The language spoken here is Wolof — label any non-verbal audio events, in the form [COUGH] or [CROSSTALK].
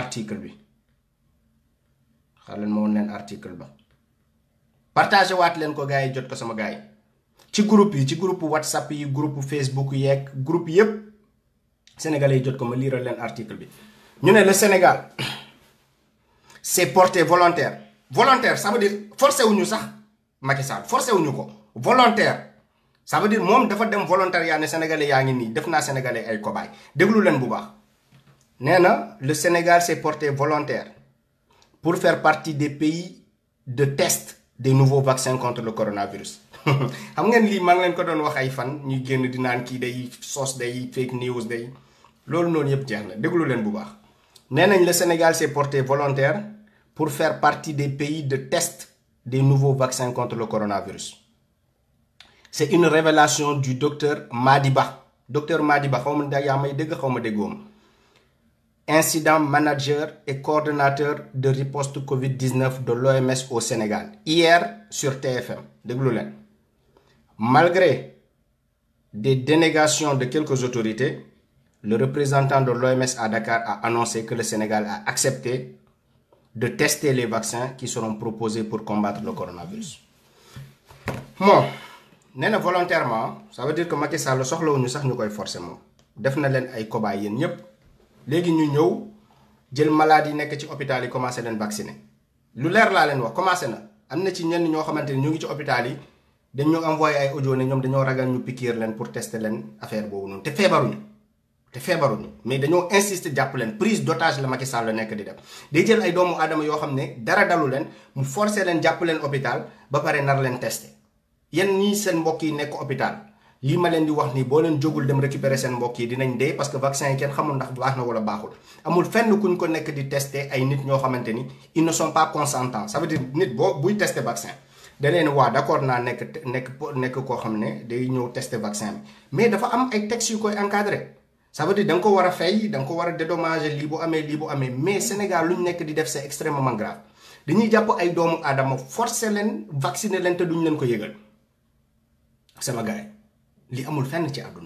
article bi xaar leen ma woon leen article ba partagé waat leen ko gars yi jot ko sama gars yi ci group yi ci groupe whatsapp yi groupe facebook yeeg groupe yépp sénégalais yi jot ko ma liiral leen article bi ñu ne la Sénégal [CLEARS THROAT] c'est porté volontaire volontaire ça veut dire forcé wuñu sax Macky Sall forcé wuñu ko volontaire ça veut dire moom dafa dem volontaire yaa ne sénégalais yaa ngi nii def naa sénégalais ay cobaye déglu leen bu baax le Sénégal s'est porté volontaire pour faire partie des pays de test des nouveaux vaccins contre le coronavirus Vous savez ce que je vous ko doon wax ay fan fake news C'est ce que yëpp na bu le Sénégal s'est porté volontaire pour faire partie des pays de test des nouveaux vaccins contre le coronavirus c'est une révélation du docteur Madiba docteur Madiba Je ne sais may si vous ma incident manager et coordonnateur de riposte Covid-19 de l'OMS au Sénégal, hier sur TFM. de malgré des dénégations de quelques autorités, le représentant de l'OMS à Dakar a annoncé que le Sénégal a accepté de tester les vaccins qui seront proposés pour combattre le coronavirus. bon nous, volontairement ça veut dire que Macky Sall sax forcément Nous na ay cobayes. léegi ñu ñëw jël malade yi nekk ci hôpital yi commencé leen vacciner lu leer laa leen wax commencé na am na ci ñenn ñoo xamante ne ñu ngi ci hôpital yi dañ ñoo envoyé ay audio ne ñoom dañoo ragal ñu pikiir leen pour tester leen affaire boobu noonu te feebaruñu te feebaruñu mais dañoo insister jàpp leen prise d'otage la Macky Sall la nekk di def day jël ay doomu aadama yoo xam ne dara dalu leen mu forcer leen jàpp leen hôpital ba pare nar leen tester yéen ñii seen mbokk yi nekk hôpital lii ma leen di wax nii boo leen jógul dem récupérer seen mbokk yi dinañ dee parce que vaccin yi kenn xamul ndax baax na wala baaxul amul fenn kuñ ko nekk di tester ay nit ñoo xamante ni ils ne sont pas consentants sa veut dire nit boo buy tester vaccin da leen waa d'accord naa nekk nekk nekk koo xam ne day ñëw teste vaccin bi mais dafa am ay textes yu koy encadrer ça veut dire ko war a fay da nga ko war a dédommager lii bu amee lii bu amee mais Sénégal lu ñu nekk di def c'est extrêmement grave dañuy jàpp ay doomu aadama forcer leen vacciner leen duñ leen ko yëgal li amul fenn ci àdduna